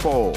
four.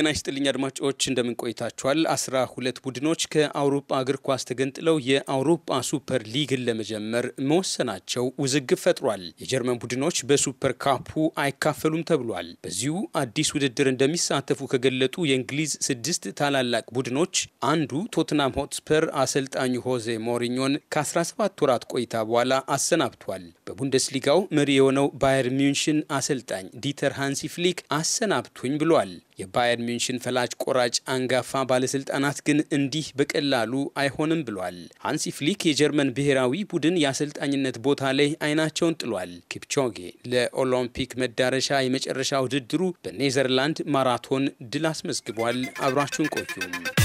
ጤና ይስጥልኝ አድማጮች እንደምን ቆይታችኋል? አስራ ሁለት ቡድኖች ከአውሮፓ እግር ኳስ ተገንጥለው የአውሮፓ ሱፐር ሊግን ለመጀመር መወሰናቸው ውዝግብ ፈጥሯል። የጀርመን ቡድኖች በሱፐር ካፑ አይካፈሉም ተብሏል። በዚሁ አዲስ ውድድር እንደሚሳተፉ ከገለጡ የእንግሊዝ ስድስት ታላላቅ ቡድኖች አንዱ ቶትናም ሆትስፐር አሰልጣኙ ሆዜ ሞሪኞን ከ17 ወራት ቆይታ በኋላ አሰናብቷል። በቡንደስሊጋው መሪ የሆነው ባየር ሚንሽን አሰልጣኝ ዲተር ሃንሲ ፍሊክ አሰናብቱኝ ብሏል። የባየር ሚንሽን ፈላጭ ቆራጭ አንጋፋ ባለስልጣናት ግን እንዲህ በቀላሉ አይሆንም ብሏል። ሃንሲ ፍሊክ የጀርመን ብሔራዊ ቡድን የአሰልጣኝነት ቦታ ላይ አይናቸውን ጥሏል። ኪፕቾጌ ለኦሎምፒክ መዳረሻ የመጨረሻ ውድድሩ በኔዘርላንድ ማራቶን ድል አስመዝግቧል። አብራችሁን ቆዩም።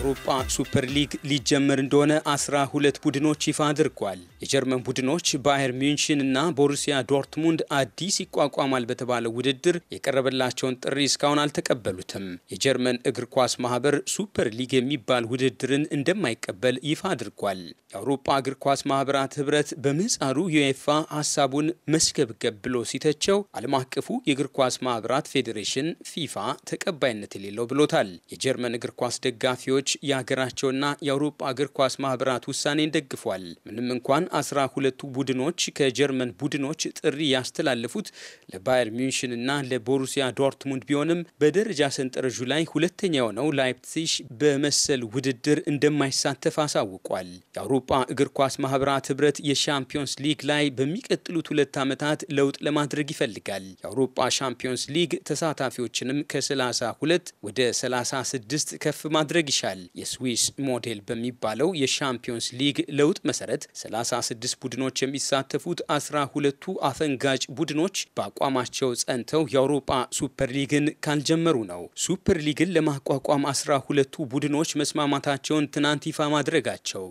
የአውሮፓ ሱፐር ሊግ ሊጀመር እንደሆነ አስራ ሁለት ቡድኖች ይፋ አድርጓል። የጀርመን ቡድኖች ባየር ሚንሽን እና ቦሩሲያ ዶርትሙንድ አዲስ ይቋቋማል በተባለው ውድድር የቀረበላቸውን ጥሪ እስካሁን አልተቀበሉትም። የጀርመን እግር ኳስ ማህበር ሱፐር ሊግ የሚባል ውድድርን እንደማይቀበል ይፋ አድርጓል። የአውሮፓ እግር ኳስ ማህበራት ህብረት በምህጻሩ ዩኤፋ ሀሳቡን መስገብገብ ብሎ ሲተቸው ዓለም አቀፉ የእግር ኳስ ማህበራት ፌዴሬሽን ፊፋ ተቀባይነት የሌለው ብሎታል። የጀርመን እግር ኳስ ደጋፊዎች የሀገራቸውና የአውሮፓ እግር ኳስ ማህበራት ውሳኔን ደግፏል። ምንም እንኳን አስራ ሁለቱ ቡድኖች ከጀርመን ቡድኖች ጥሪ ያስተላለፉት ለባየር ሚንሽንና ለቦሩሲያ ዶርትሙንድ ቢሆንም በደረጃ ሰንጠረዡ ላይ ሁለተኛ የሆነው ላይፕሲሽ በመሰል ውድድር እንደማይሳተፍ አሳውቋል። የአውሮፓ እግር ኳስ ማህበራት ህብረት የሻምፒዮንስ ሊግ ላይ በሚቀጥሉት ሁለት ዓመታት ለውጥ ለማድረግ ይፈልጋል። የአውሮፓ ሻምፒዮንስ ሊግ ተሳታፊዎችንም ከ32 ወደ 36 ከፍ ማድረግ ይሻል። ይገኛል። የስዊስ ሞዴል በሚባለው የሻምፒዮንስ ሊግ ለውጥ መሰረት 36 ቡድኖች የሚሳተፉት አስራ ሁለቱ አፈንጋጭ ቡድኖች በአቋማቸው ጸንተው የአውሮፓ ሱፐር ሊግን ካልጀመሩ ነው። ሱፐር ሊግን ለማቋቋም አስራ ሁለቱ ቡድኖች መስማማታቸውን ትናንት ይፋ ማድረጋቸው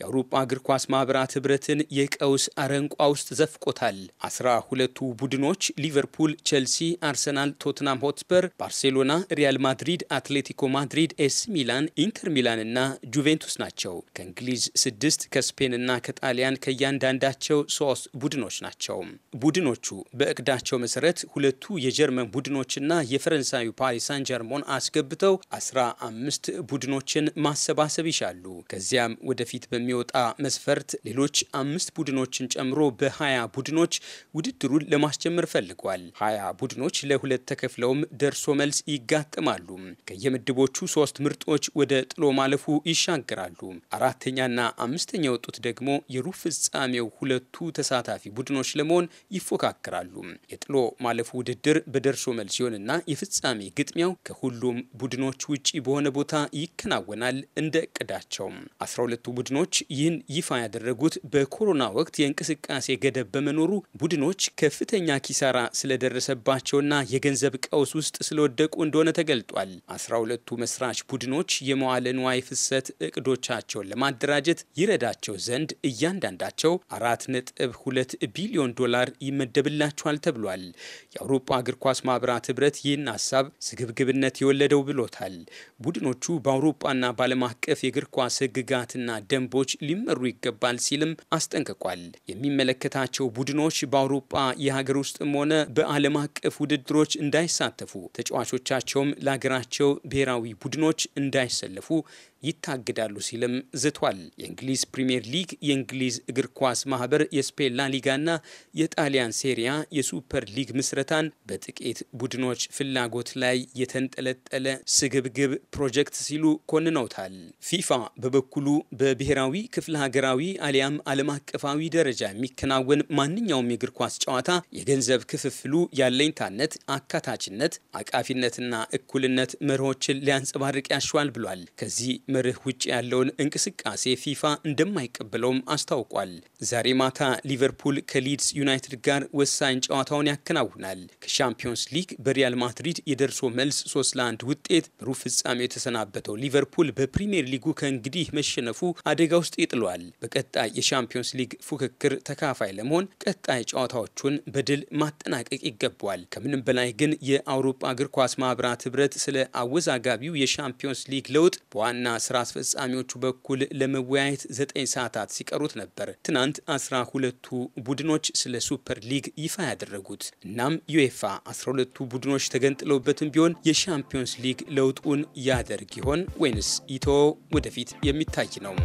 የአውሮፓ እግር ኳስ ማህበራት ህብረትን የቀውስ አረንቋ ውስጥ ዘፍቆታል። አስራ ሁለቱ ቡድኖች ሊቨርፑል፣ ቼልሲ፣ አርሰናል፣ ቶትናም ሆትስፐር፣ ባርሴሎና፣ ሪያል ማድሪድ፣ አትሌቲኮ ማድሪድ፣ ኤስ ሚላን፣ ኢንተር ሚላንና ጁቬንቱስ ናቸው። ከእንግሊዝ ስድስት ከስፔንና ከጣሊያን ከእያንዳንዳቸው ሶስት ቡድኖች ናቸው። ቡድኖቹ በእቅዳቸው መሰረት ሁለቱ የጀርመን ቡድኖችና የፈረንሳዩ ፓሪስ ሳን ጀርሞን አስገብተው አስራ አምስት ቡድኖችን ማሰባሰብ ይሻሉ። ከዚያም ወደፊት በሚወጣ መስፈርት ሌሎች አምስት ቡድኖችን ጨምሮ በሀያ ቡድኖች ውድድሩን ለማስጀመር ፈልጓል። ሀያ ቡድኖች ለሁለት ተከፍለውም ደርሶ መልስ ይጋጠማሉ። ከየምድቦቹ ሶስት ምርጦች ወደ ጥሎ ማለፉ ይሻገራሉ። አራተኛና አምስተኛ የወጡት ደግሞ የሩብ ፍጻሜው ሁለቱ ተሳታፊ ቡድኖች ለመሆን ይፎካከራሉ። የጥሎ ማለፉ ውድድር በደርሶ መልስ ሲሆንና የፍጻሜ ግጥሚያው ከሁሉም ቡድኖች ውጪ በሆነ ቦታ ይከናወናል። እንደ እቅዳቸው አስራ ሁለቱ ቡድኖች ይህን ይፋ ያደረጉት በኮሮና ወቅት የእንቅስቃሴ ገደብ በመኖሩ ቡድኖች ከፍተኛ ኪሳራ ስለደረሰባቸውና የገንዘብ ቀውስ ውስጥ ስለወደቁ እንደሆነ ተገልጧል። አስራ ሁለቱ መስራች ቡድኖች የመዋ መዋዕለ ንዋይ ፍሰት እቅዶቻቸውን ለማደራጀት ይረዳቸው ዘንድ እያንዳንዳቸው አራት ነጥብ ሁለት ቢሊዮን ዶላር ይመደብላቸዋል ተብሏል። የአውሮፓ እግር ኳስ ማህበራት ህብረት ይህን ሀሳብ ስግብግብነት የወለደው ብሎታል። ቡድኖቹ በአውሮፓና በዓለም አቀፍ የእግር ኳስ ህግጋትና ደንቦች ሊመሩ ይገባል ሲልም አስጠንቅቋል። የሚመለከታቸው ቡድኖች በአውሮፓ የሀገር ውስጥም ሆነ በዓለም አቀፍ ውድድሮች እንዳይሳተፉ፣ ተጫዋቾቻቸውም ለሀገራቸው ብሔራዊ ቡድኖች እንዳይሰለፉ fou. ይታግዳሉ ሲልም ዝቷል። የእንግሊዝ ፕሪምየር ሊግ፣ የእንግሊዝ እግር ኳስ ማህበር፣ የስፔን ላ የጣሊያን ሴሪያ የሱፐር ሊግ ምስረታን በጥቂት ቡድኖች ፍላጎት ላይ የተንጠለጠለ ስግብግብ ፕሮጀክት ሲሉ ኮንነውታል። ፊፋ በበኩሉ በብሔራዊ ክፍለ ሀገራዊ አሊያም ዓለም አቀፋዊ ደረጃ የሚከናወን ማንኛውም የእግር ኳስ ጨዋታ የገንዘብ ክፍፍሉ ያለኝታነት፣ አካታችነት፣ አቃፊነትና እኩልነት መርሆችን ሊያንጸባርቅ ያሻዋል ብሏል። ከዚህ መርህ ውጭ ያለውን እንቅስቃሴ ፊፋ እንደማይቀበለውም አስታውቋል። ዛሬ ማታ ሊቨርፑል ከሊድስ ዩናይትድ ጋር ወሳኝ ጨዋታውን ያከናውናል። ከሻምፒዮንስ ሊግ በሪያል ማድሪድ የደርሶ መልስ ሶስት 1 ውጤት በሩብ ፍጻሜ የተሰናበተው ሊቨርፑል በፕሪምየር ሊጉ ከእንግዲህ መሸነፉ አደጋ ውስጥ ይጥሏል። በቀጣይ የሻምፒዮንስ ሊግ ፉክክር ተካፋይ ለመሆን ቀጣይ ጨዋታዎቹን በድል ማጠናቀቅ ይገባዋል። ከምንም በላይ ግን የአውሮፓ እግር ኳስ ማህበራት ህብረት ስለ አወዛጋቢው የሻምፒዮንስ ሊግ ለውጥ በዋና ስራ አስፈጻሚዎቹ በኩል ለመወያየት ዘጠኝ ሰዓታት ሲቀሩት ነበር ትናንት አስራ ሁለቱ ቡድኖች ስለ ሱፐር ሊግ ይፋ ያደረጉት። እናም ዩኤፋ አስራ ሁለቱ ቡድኖች ተገንጥለውበትም ቢሆን የሻምፒዮንስ ሊግ ለውጡን ያደርግ ይሆን ወይንስ ይቶ ወደፊት የሚታይ ነው።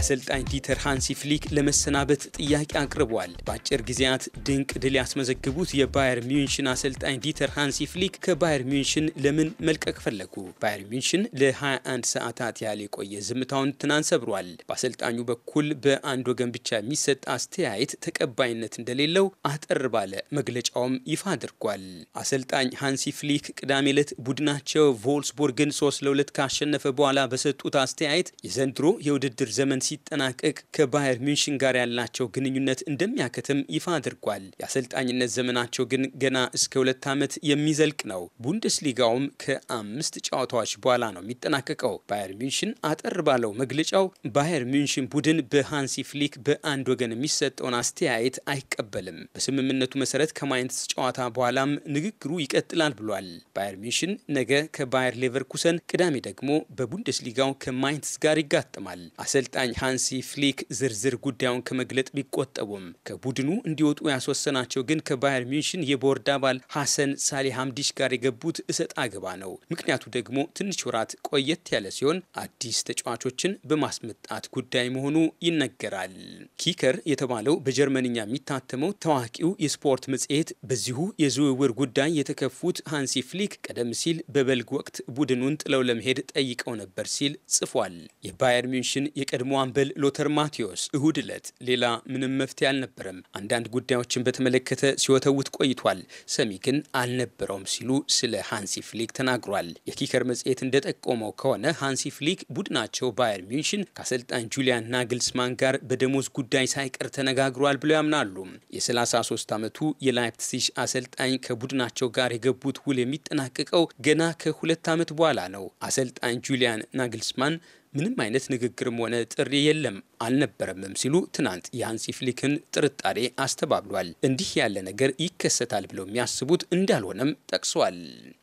አሰልጣኝ ዲተር ሃንሲ ፍሊክ ለመሰናበት ጥያቄ አቅርቧል። በአጭር ጊዜያት ድንቅ ድል ያስመዘግቡት የባየር ሚንሽን አሰልጣኝ ዲተር ሃንሲ ፍሊክ ከባየር ሚንሽን ለምን መልቀቅ ፈለጉ? ባየር ሚንሽን ለ21 ሰዓታት ያህል የቆየ ዝምታውን ትናንት ሰብሯል። በአሰልጣኙ በኩል በአንድ ወገን ብቻ የሚሰጥ አስተያየት ተቀባይነት እንደሌለው አጠር ባለ መግለጫውም ይፋ አድርጓል። አሰልጣኝ ሃንሲ ፍሊክ ቅዳሜ ዕለት ቡድናቸው ቮልስቡርግን 3 ለ2 ካሸነፈ በኋላ በሰጡት አስተያየት የዘንድሮ የውድድር ዘመን ሲጠናቀቅ ከባየር ሚንሽን ጋር ያላቸው ግንኙነት እንደሚያከትም ይፋ አድርጓል። የአሰልጣኝነት ዘመናቸው ግን ገና እስከ ሁለት ዓመት የሚዘልቅ ነው። ቡንደስሊጋውም ከአምስት ጨዋታዎች በኋላ ነው የሚጠናቀቀው። ባየር ሚንሽን አጠር ባለው መግለጫው ባየር ሚንሽን ቡድን በሃንሲ ፍሊክ በአንድ ወገን የሚሰጠውን አስተያየት አይቀበልም። በስምምነቱ መሰረት ከማይንስ ጨዋታ በኋላም ንግግሩ ይቀጥላል ብሏል። ባየር ሚንሽን ነገ ከባየር ሌቨርኩሰን፣ ቅዳሜ ደግሞ በቡንደስሊጋው ከማይንስ ጋር ይጋጥማል። አሰልጣኝ ሃንሲ ፍሊክ ዝርዝር ጉዳዩን ከመግለጥ ቢቆጠቡም ከቡድኑ እንዲወጡ ያስወሰናቸው ግን ከባየር ሚንሽን የቦርድ አባል ሐሰን ሀምዲሽ ጋር የገቡት እሰጥ አገባ ነው። ምክንያቱ ደግሞ ትንሽ ወራት ቆየት ያለ ሲሆን አዲስ ተጫዋቾችን በማስመጣት ጉዳይ መሆኑ ይነገራል። ኪከር የተባለው በጀርመንኛ የሚታተመው ታዋቂው የስፖርት መጽሔት በዚሁ የዝውውር ጉዳይ የተከፉት ሃንሲ ፍሊክ ቀደም ሲል በበልግ ወቅት ቡድኑን ጥለው ለመሄድ ጠይቀው ነበር ሲል ጽፏል። የባየር ሚንሽን የቀድሞ አምበል ሎተር ማቴዎስ እሁድ ዕለት ሌላ ምንም መፍትሄ አልነበረም፣ አንዳንድ ጉዳዮችን በተመለከተ ሲወተውት ቆይቷል፣ ሰሚ ግን አልነበረውም ሲሉ ስለ ሃንሲ ፍሊክ ተናግሯል። የኪከር መጽሔት እንደጠቆመው ከሆነ ሃንሲ ፍሊክ ቡድናቸው ባየር ሚንሽን ከአሰልጣን ጁሊያን ናግልስማን ጋር በደሞዝ ጉዳይ ሳይቀር ተነጋግሯል ብለው ያምናሉ። የ33 ዓመቱ የላይፕሲሽ አሰልጣኝ ከቡድናቸው ጋር የገቡት ውል የሚጠናቀቀው ገና ከሁለት ዓመት በኋላ ነው። አሰልጣኝ ጁሊያን ናግልስማን ምንም አይነት ንግግርም ሆነ ጥሪ የለም። አልነበረምም ሲሉ ትናንት የሃንሲ ፍሊክን ጥርጣሬ አስተባብሏል። እንዲህ ያለ ነገር ይከሰታል ብለው የሚያስቡት እንዳልሆነም ጠቅሷል።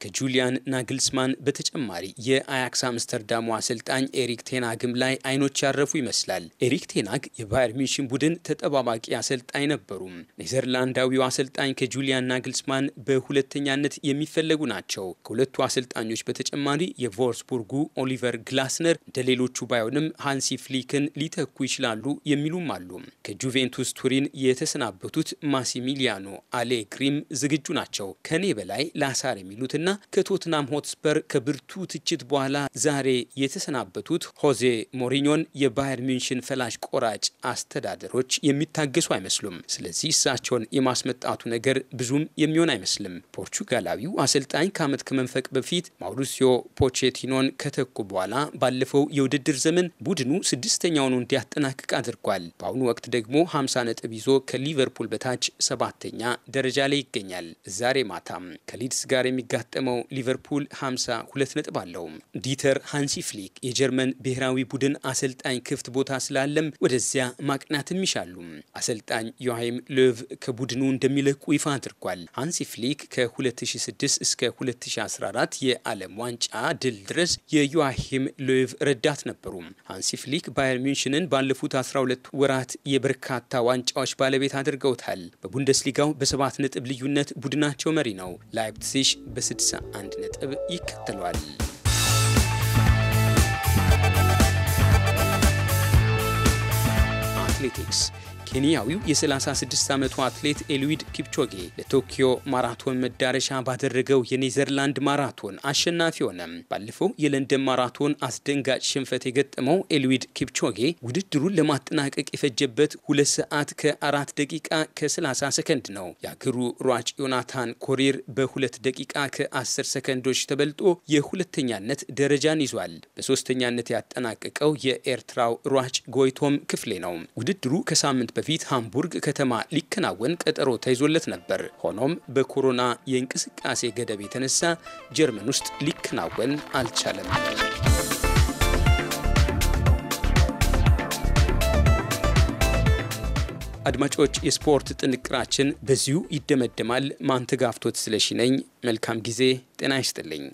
ከጁሊያን ናግልስማን በተጨማሪ የአያክስ አምስተርዳሙ አሰልጣኝ ኤሪክ ቴናግም ላይ አይኖች ያረፉ ይመስላል። ኤሪክ ቴናግ የባየር ሚሽን ቡድን ተጠባባቂ አሰልጣኝ ነበሩ። ኔዘርላንዳዊው አሰልጣኝ ከጁሊያን ናግልስማን በሁለተኛነት የሚፈለጉ ናቸው። ከሁለቱ አሰልጣኞች በተጨማሪ የቮርስቡርጉ ኦሊቨር ግላስነር እንደሌሎቹ ባይሆንም ሃንሲ ፍሊክን ሊተኩ ይችላሉ የሚሉም አሉ። ከጁቬንቱስ ቱሪን የተሰናበቱት ማሲሚሊያኖ አሌግሪም ዝግጁ ናቸው ከኔ በላይ ላሳር የሚሉትና ከቶትናም ሆትስፐር ከብርቱ ትችት በኋላ ዛሬ የተሰናበቱት ሆዜ ሞሪኞን የባየር ሚንሽን ፈላጭ ቆራጭ አስተዳደሮች የሚታገሱ አይመስሉም። ስለዚህ እሳቸውን የማስመጣቱ ነገር ብዙም የሚሆን አይመስልም። ፖርቹጋላዊው አሰልጣኝ ከዓመት ከመንፈቅ በፊት ማውሪሲዮ ፖቼቲኖን ከተኩ በኋላ ባለፈው የውድድር ዘመን ቡድኑ ስድስተኛውን እንዲያጠ እንዲያጠናቅቅ አድርጓል። በአሁኑ ወቅት ደግሞ 50 ነጥብ ይዞ ከሊቨርፑል በታች ሰባተኛ ደረጃ ላይ ይገኛል። ዛሬ ማታም ከሊድስ ጋር የሚጋጠመው ሊቨርፑል 52 ነጥብ አለው። ዲተር ሃንሲ ፍሊክ የጀርመን ብሔራዊ ቡድን አሰልጣኝ ክፍት ቦታ ስላለም ወደዚያ ማቅናትም ይሻሉ። አሰልጣኝ ዮሃይም ሎቭ ከቡድኑ እንደሚለቁ ይፋ አድርጓል። ሃንሲ ፍሊክ ከ2006 እስከ 2014 የዓለም ዋንጫ ድል ድረስ የዮሃይም ሎቭ ረዳት ነበሩ። ሃንሲ ፍሊክ ባየር ሚንሽንን ባለ ባለፉት 12 ወራት የበርካታ ዋንጫዎች ባለቤት አድርገውታል። በቡንደስሊጋው በሰባት ነጥብ ልዩነት ቡድናቸው መሪ ነው። ላይፕሲሽ በ61 ነጥብ ይከተሏል። አትሌቲክስ ኬንያዊው የ36 ዓመቱ አትሌት ኤልዊድ ኪፕቾጌ ለቶኪዮ ማራቶን መዳረሻ ባደረገው የኔዘርላንድ ማራቶን አሸናፊ ሆነ። ባለፈው የለንደን ማራቶን አስደንጋጭ ሽንፈት የገጠመው ኤልዊድ ኪፕቾጌ ውድድሩን ለማጠናቀቅ የፈጀበት ሁለት ሰዓት ከአራት ደቂቃ ከ30 ሰከንድ ነው። የአገሩ ሯጭ ዮናታን ኮሪር በሁለት ደቂቃ ከ10 ሰከንዶች ተበልጦ የሁለተኛነት ደረጃን ይዟል። በሶስተኛነት ያጠናቀቀው የኤርትራው ሯጭ ጎይቶም ክፍሌ ነው። ውድድሩ ከሳምንት በፊት በፊት ሃምቡርግ ከተማ ሊከናወን ቀጠሮ ተይዞለት ነበር። ሆኖም በኮሮና የእንቅስቃሴ ገደብ የተነሳ ጀርመን ውስጥ ሊከናወን አልቻለም። አድማጮች፣ የስፖርት ጥንቅራችን በዚሁ ይደመደማል። ማንተጋፍቶት ስለሺ ነኝ። መልካም ጊዜ። ጤና ይስጥልኝ።